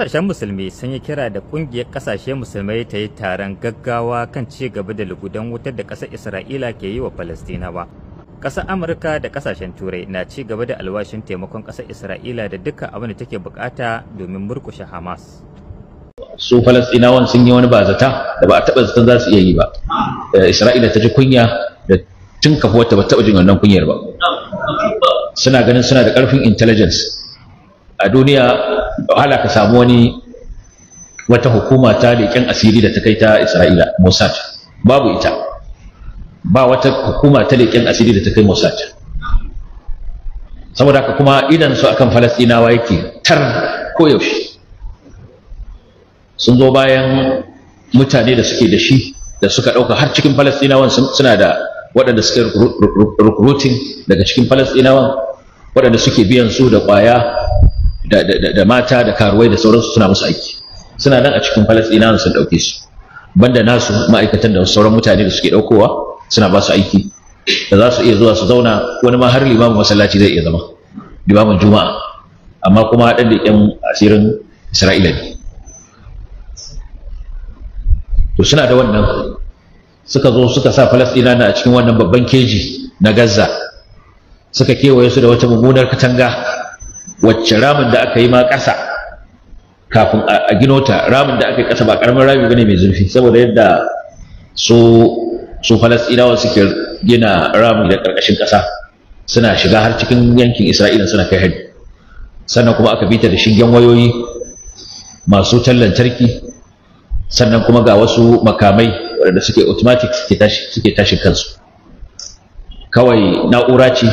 Kasashen musulmi sun yi kira da kungiyar kasashe musulmai ta yi taron gaggawa kan ci gaba da lugudan wutar da ƙasar Isra'ila ke yi wa Falastinawa. Ƙasar Amurka da ƙasashen Turai na ci gaba da alwashin taimakon ƙasar Isra'ila da duka abin da take bukata domin murkushe Hamas. Su Falastinawan sun yi wani bazata da ba a taɓa zaton za su iya yi ba. Eh, Isra'ila ta ji kunya da tun kafuwarta ba taɓa jin wannan kunyar ba. Suna ganin suna da ƙarfin intelligence a duniya wahala ka samu wani wata hukuma ta leƙen asiri da ta kai ta isra'ila mossad babu ita ba wata hukuma ta leƙen asiri da ta kai mossad saboda haka kuma idan su akan falastinawa yake tar ko yaushe. sun zo bayan mutane da suke da shi da suka ɗauka har cikin falastinawan suna da waɗanda suke recruiting daga cikin falastinawan waɗanda suke biyan su da ƙwaya da mata da karuwai da sauransu suna musu aiki suna nan a cikin falasɗinawa sun ɗauke su banda nasu ma'aikatan da sauran mutane da suke ɗaukowa suna ba su aiki da za su iya zuwa su zauna wani ma har limamin masallaci zai iya zama limamin juma'a amma kuma haɗar da ƴan asirin isra'ila ne to suna da wannan suka zo suka sa falasɗina na a cikin wannan babban keji na gaza suka kewaye su da wata mummunar katanga wacce ramin da aka yi ma ƙasa kafin a gino ta ramin da aka yi ƙasa ba ƙaramin rami bane mai zurfi saboda yadda su su suke gina rami da ƙarƙashin ƙasa suna shiga har cikin yankin isra'ila suna kai hari sannan kuma aka bita da shigen wayoyi masu wutar lantarki sannan kuma ga wasu makamai waɗanda suke automatic suke tashi kansu kawai na'ura ce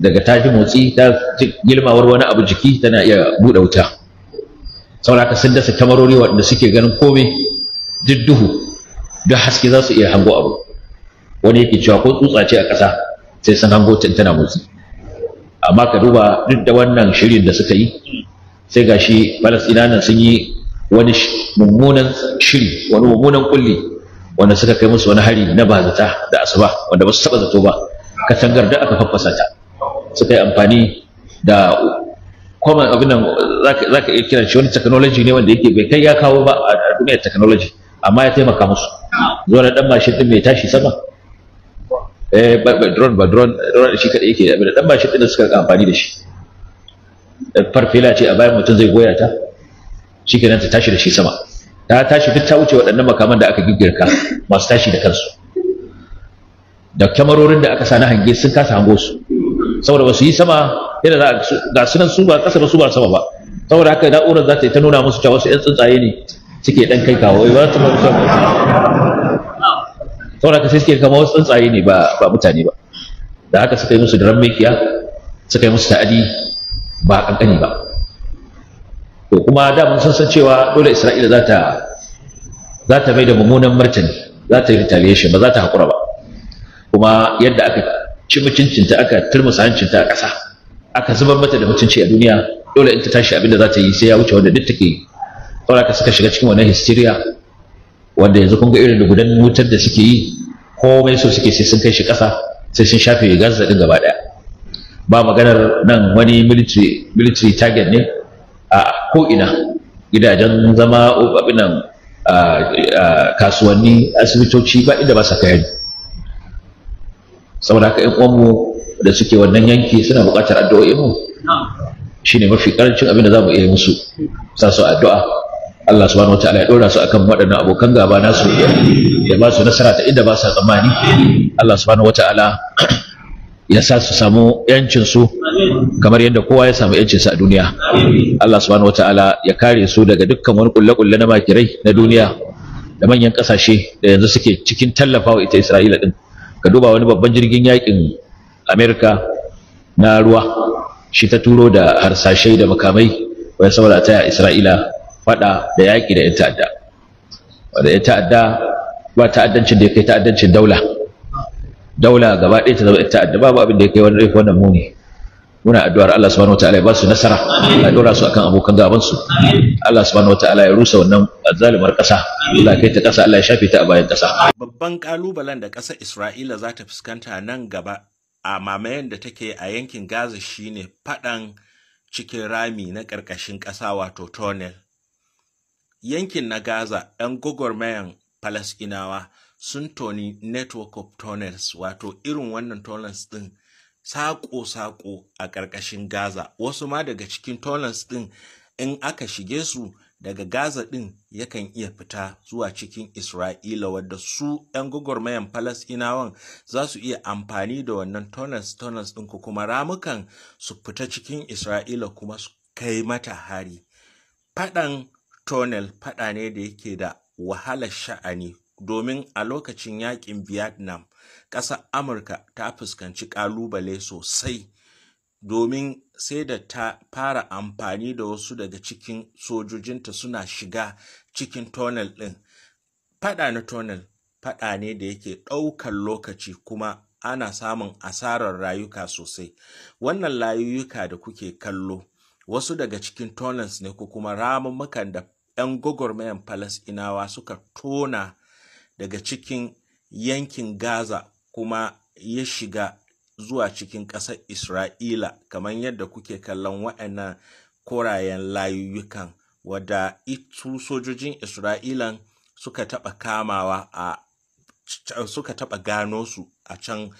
daga ta motsi ta gilmawar wani abu jiki tana iya buɗe wuta saboda sun dasa tamarori waɗanda suke ganin komai duk duhu duk haske za su iya hango abu wani yake cewa ko tsutsa ce a ƙasa sai sun hango tun tana motsi amma ka duba duk da wannan shirin da suka yi sai ga gashi falasɗinanan sun yi wani mummunan shiri wani mummunan kulli wanda suka kai musu wani hari na bazata da asuba wanda ba su taba zato ba katangar da aka faffasa ta suka yi amfani da common abin nan za ka iya kiran shi wani technology ne wanda yake bai kai ya kawo ba a duniyar technology amma ya taimaka musu zuwa da dan mashin din mai tashi sama eh ba drone ba drone drone shi kadai yake abin da dan mashin din suka amfani da shi eh, farfila ce a bayan mutum zai goya ta shi kenan ta tashi da shi sama ta tashi duk ta wuce waɗannan makaman da aka giggirka masu tashi da kansu da kyamarorin da aka sa na hange sun kasa hango su saboda ba su yi sama yadda za ga su nan su ba ƙasa ba su ba sama ba saboda haka na'urar za ta yi ta nuna musu cewa wasu 'yan tsuntsaye ne suke ɗan kai kawo ba su ba saboda haka sai suke kama wasu tsuntsaye ne ba mutane ba da haka suka yi musu da rammekiya suka yi musu ta'adi ba kankani ba to kuma da mun san san cewa dole Isra'ila za ta za ta mai da mummunan martani za ta yi retaliation ba za ta haƙura ba kuma yadda aka ci mutuncinta aka turmusa hancinta a ƙasa aka zubar mata da mutunci a duniya dole in ta tashi abinda za ta yi sai ya wuce wanda duk take yi saboda ka suka shiga cikin wannan hysteria wanda yanzu kun ga irin da gudan wutar da suke yi komai so suke sai sun kai shi ƙasa sai sun shafe gaza din gaba daya ba maganar nan wani military military target ne a ko ina gidajen zama abin nan kasuwanni asibitoci ba inda ba sa kayani saboda haka ƴan uwanmu da suke wannan yanki suna buƙatar addu'o'i mu shine mafi karancin abin da za mu iya musu sa su addu'a Allah subhanahu wataala ya dora su akan waɗannan abokan gaba nasu ya ba su nasara ta inda ba sa tsammani Allah subhanahu wataala ya sa su samu yancin su kamar yadda kowa ya samu yancin sa a duniya Allah subhanahu wataala ya kare su daga dukkan wani kulle-kulle na makirai na duniya da manyan kasashe da yanzu suke cikin tallafawa ita Isra'ila din ka duba wani babban jirgin yakin amerika na ruwa shi ta turo da harsashai da makamai wani saboda ta isra'ila fada da yaƙi da 'yan ta'adda wadda 'yan ta'adda ba ta'addancin da ya kai ta'addancin daula daula gaba ɗaya ta zama 'yan ta'adda babu abin da ya kai wani wannan muni muna addu'ar Allah subhanahu wataala ya ba nasara ya dora su akan abokan gaban su Allah subhanahu wataala ya rusa wannan zalimar ƙasa Allah kai ta ƙasa Allah ya shafe ta a bayan ƙasa babban kalubalen da ƙasar Isra'ila za ta fuskanta nan gaba a mamayen da take a yankin Gaza shine faɗan cikin rami na ƙarƙashin ƙasa wato tunnel yankin na Gaza 'yan gwagwarmayan Palestinawa sun toni network of tunnels wato irin wannan tunnels din saƙo-saƙo a ƙarƙashin Gaza, wasu ma daga cikin tolans ɗin in aka shige su daga Gaza ɗin yakan iya fita zuwa cikin Isra'ila wadda su ‘yan gwagwarmayan Falasɗinawan za su iya amfani da wannan tolans tolans ɗin ko kuma ramukan su fita cikin Isra'ila kuma su kai mata hari. Faɗan tunnel faɗa ne da yake da wahalar sha'ani domin a lokacin yakin vietnam ƙasa amurka ta fuskanci ƙalubale sosai domin sai da ta fara amfani da wasu daga cikin sojojinta suna shiga cikin tunnel ɗin fada na tunnel fada ne da yake ɗaukar lokaci kuma ana samun asarar rayuka sosai wannan layuka da kuke kallo wasu daga cikin tunnels ne ko kuma ramummukan da 'yan gwagwarmayan falasinawa suka tona daga cikin yankin Gaza kuma ya shiga zuwa cikin ƙasar Isra'ila kamar yadda kuke kallon waɗannan korayen layuyyukan wadda itu sojojin Isra'ilan suka taɓa kamawa a suka taɓa gano su a can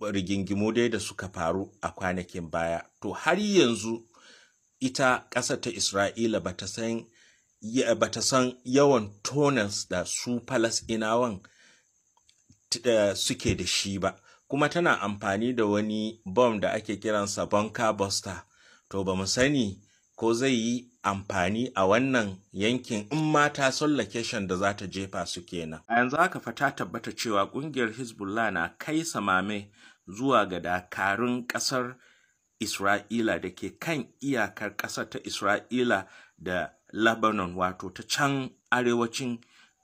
rigingimu dai da suka faru a kwanakin baya to har yanzu ita ƙasar ta Isra'ila ba ta san ba ta san yawan tonels da su da eh, suke da shi ba kuma tana amfani da wani bom da ake kiransa bunker buster to ba mu sani ko zai yi amfani a wannan yankin in mata son location da za ta jefa su kenan. A yanzu haka fa ta tabbata cewa kungiyar Hezbollah na kai samame zuwa ga dakarun kasar Isra'ila da ke kan iyakar kasar ta Isra'ila da lebanon wato ta can arewacin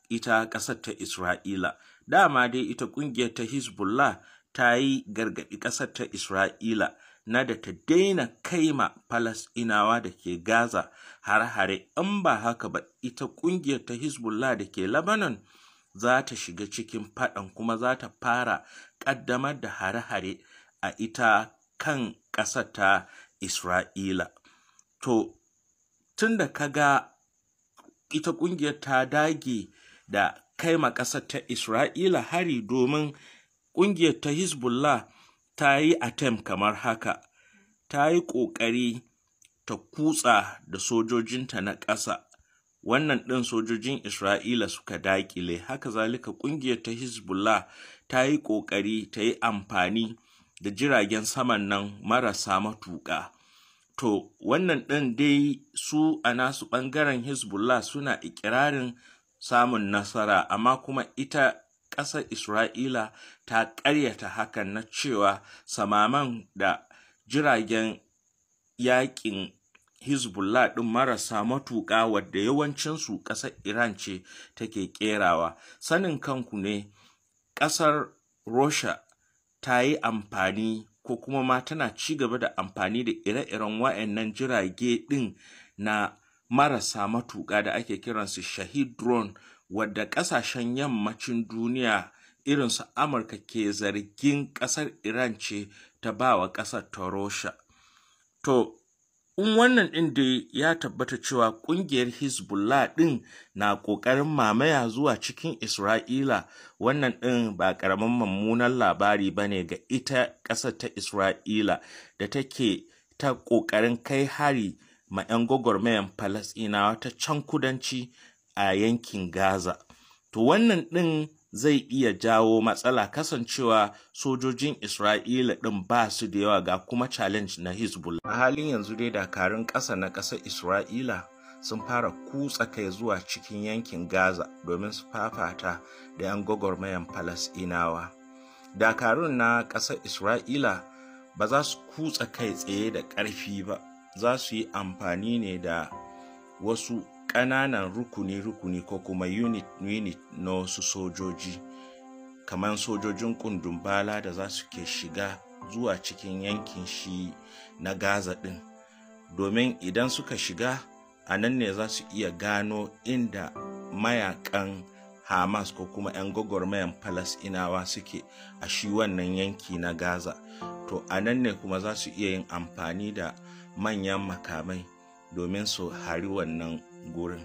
ita ƙasar ta isra'ila dama dai ita ƙungiyar ta hezbollah ta yi gargaɗi ƙasar ta isra'ila na da ta daina kaima falasɗinawa da ke gaza har hare in ba haka ba ita ƙungiyar ta hezbollah da ke lebanon za ta shiga cikin faɗan kuma za ta fara ƙaddamar da hare-hare a ita kan ƙasar ta isra'ila to tun da ka ga ita ƙungiyar ta dage da kai ma ƙasar ta Isra'ila hari domin ƙungiyar ta Hezbollah ta yi atem kamar haka, ta yi ƙoƙari ta kutsa da sojojinta na ƙasa, wannan ɗin sojojin Isra'ila suka daƙile, haka zalika ƙungiyar ta Hezbollah ta yi ƙoƙari ta yi amfani da jiragen saman nan marasa matuƙa. to wannan ɗin dai su a nasu ɓangaren hezbollah suna ikirarin samun nasara amma kuma ita ƙasar isra'ila ta ƙaryata hakan na cewa samaman da jiragen yaƙin Hezbollah ɗin marasa matuƙa wadda yawancinsu ƙasar Iran ce take ƙerawa. Sanin kanku ne, ƙasar Rusha ta yi amfani ko kuma ma tana ci gaba da amfani da ire-iren wa'annan jirage ɗin na marasa matuƙa da ake kiransu shahid drone wadda ƙasashen yammacin duniya irin su amurka ke zargin ƙasar iran ce ta ba wa ƙasar ta to in wannan ɗin da ya tabbata cewa ƙungiyar hezbollah ɗin na ƙoƙarin mamaya zuwa cikin isra'ila wannan ɗin ba ƙaramin mummunan labari ba ne ga ita ƙasar ta isra'ila da take ta ƙoƙarin kai hari ma 'yan gwagwarmayan falasɗinawa ta can kudanci a yankin gaza to wannan ɗin zai iya jawo matsala kasancewa sojojin Isra'ila ɗin ba su da yawa ga kuma challenge na Hezbollah. A halin yanzu dai dakarun ƙasa na ƙasar Isra'ila sun fara kutsa kai zuwa cikin yankin Gaza domin su fafata da 'yan gwagwarmayan Falasɗinawa. Dakarun na ƙasar Isra'ila ba za su kutsa kai tsaye da ƙarfi ba, za su yi amfani ne da wasu ƙananan rukuni-rukuni ko kuma unit-unit na wasu sojoji kamar sojojin kundun bala da za su ke shiga zuwa cikin yankin shi na gaza ɗin domin idan suka shiga a nan ne za su iya gano inda mayakan hamas ko kuma 'yan gwagwarmayan falasinawa suke a shi wannan yanki na gaza to a nan ne kuma za su iya yin amfani da manyan makamai domin su hari wannan gurin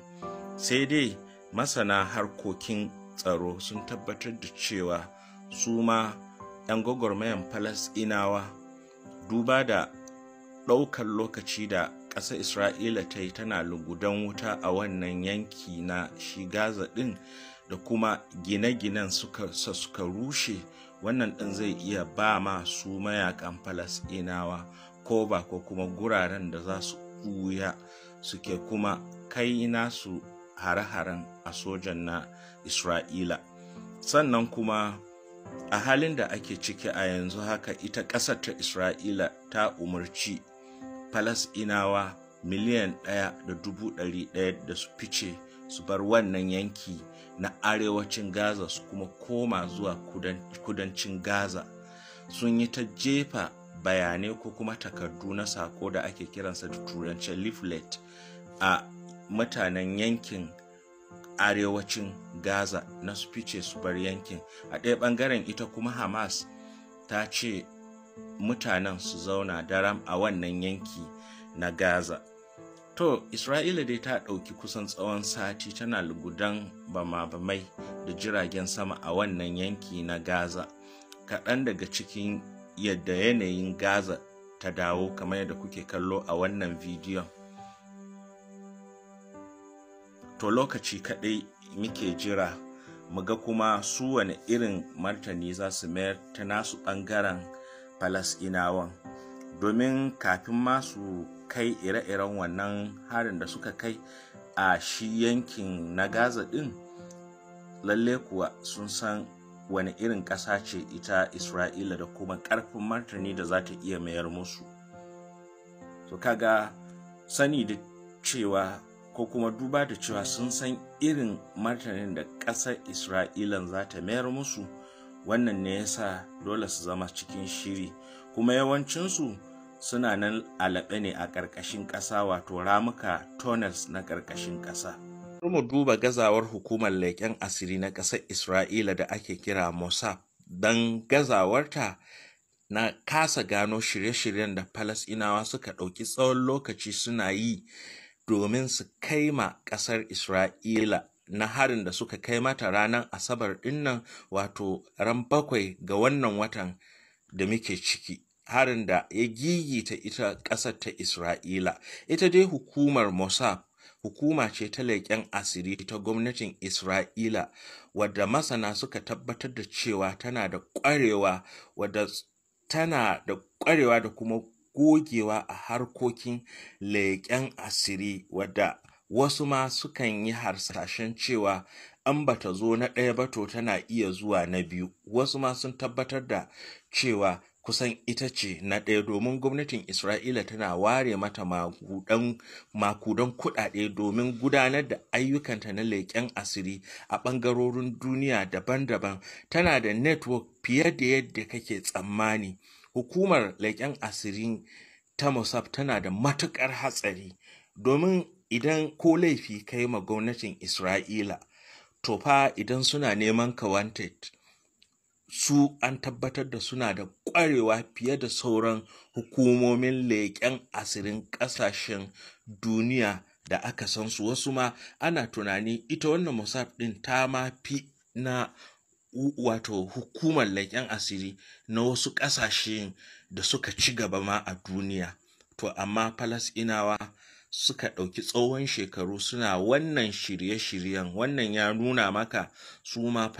sai dai masana harkokin tsaro sun tabbatar da cewa su ma 'yan gwagwarmayan falasɗinawa duba da ɗaukar lokaci da ƙasa isra'ila ta yi tana lugudan wuta a wannan yanki na shigaza zaɗin ɗin da kuma gine-ginen suka, suka rushe wannan ɗin zai iya ba ma su mayakan falasɗinawa ko ba ko kuma guraren da za su ɓuya suke kuma kai su hare-haren a sojan na isra'ila sannan kuma a halin da ake ciki a yanzu haka ita ƙasar ta isra'ila ta umarci falasinawa miliyan ɗaya da dubu ɗari ɗaya da su fice su bar wannan yanki na arewacin gaza su kuma koma zuwa kudancin gaza sun yi ta jefa bayanai ko kuma takardu na sako da ake kiransa da turancin leaflet a mutanen yankin arewacin gaza na su fice su bar yankin a ɗaya ɓangaren ita kuma hamas ta ce mutanen su zauna daram a wannan yanki na gaza to isra'ila dai ta ɗauki kusan tsawon sati tana lugudan bama-bamai da jiragen sama a wannan yanki na gaza kaɗan daga cikin yadda yanayin gaza ta dawo kamar yadda kuke kallo a wannan bidiyon to lokaci kaɗai muke jira muga kuma su wani irin martani za su mayar ta nasu ɓangaren falasɗinawan domin kafin masu kai ire-iren wannan harin da suka kai a shi yankin na gaza ɗin lalle kuwa sun san wani irin ƙasa ce ita isra'ila da kuma ƙarfin martani da za ta iya mayar musu to kaga sani da cewa ko kuma duba da cewa sun san irin martanin da ƙasar isra'ilan za ta mayar musu wannan ne ya sa dole su zama cikin shiri kuma yawancinsu suna nan alaɓe ne a ƙarƙashin ƙasa wato ramuka tunnels na ƙarƙashin ƙasa mu duba gazawar hukumar leƙen asiri na ƙasar isra'ila da ake kira mossad don gazawarta na kasa gano shirye-shiryen da palestinawa suka ɗauki tsawon lokaci suna yi domin su kai ma ƙasar Isra'ila na harin da suka kai mata ranar Asabar dinnan wato ran bakwai ga wannan watan da muke ciki. Harin da ya gigita ita ƙasar ta Isra'ila. Ita dai hukumar Mossad hukuma ce ta leƙen asiri ta gwamnatin Isra'ila wadda masana suka tabbatar da cewa tana da ƙwarewa da ƙwarewa da kuma gogewa a harkokin leƙen asiri wadda wasu ma sukan yi harsashen cewa an bata zo na ɗaya bato tana iya zuwa na biyu wasu ma sun tabbatar da cewa kusan ita ce na ɗaya domin gwamnatin isra'ila tana ware mata makudan kuɗaɗe domin gudanar da ayyukanta na leƙen asiri a ɓangarorin duniya daban-daban tana da network fiye da yadda kake tsammani hukumar leƙen asirin ta musab tana da matuƙar hatsari domin idan ko laifi kai ma gwamnatin isra'ila to fa idan suna neman ka wanted su an tabbatar da suna da ƙwarewa fiye da sauran hukumomin leƙen asirin ƙasashen duniya da aka san su wasu ma ana tunani ita wannan musab ɗin ta ma fi na wato hukumar laƙen asiri na wasu ƙasashe da suka ci gaba ma a duniya to amma falasɗinawa suka ɗauki tsohon shekaru suna wannan shirye-shiryen wannan ya nuna maka su ma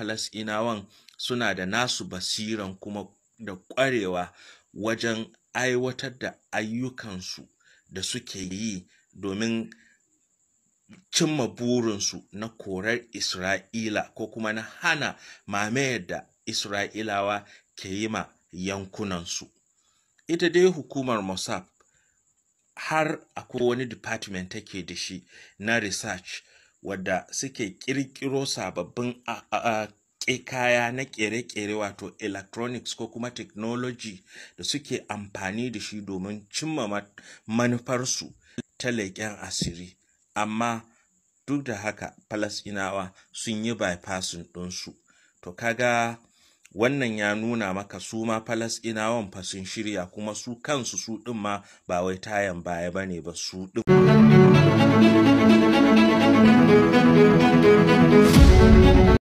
suna da nasu basiran kuma da ƙwarewa wajen aiwatar da ayyukansu da suke yi domin cimma burinsu na korar Isra'ila ko kuma na hana mamayar da Isra'ilawa ke yi ma yankunansu. Ita dai hukumar Mossad har akwai wani department take da shi na research wadda suke kirkiro sababbin kaya na kere-kere wato electronics ko kuma technology da suke amfani da shi domin cimma manufarsu ta leƙen asiri. amma duk da haka falasinawa sun yi bypassin ɗinsu to kaga wannan ya nuna maka su ma falasinawan fa sun shirya kuma su kansu su ɗin ma ba wai tayan baya ba ne ba su ɗin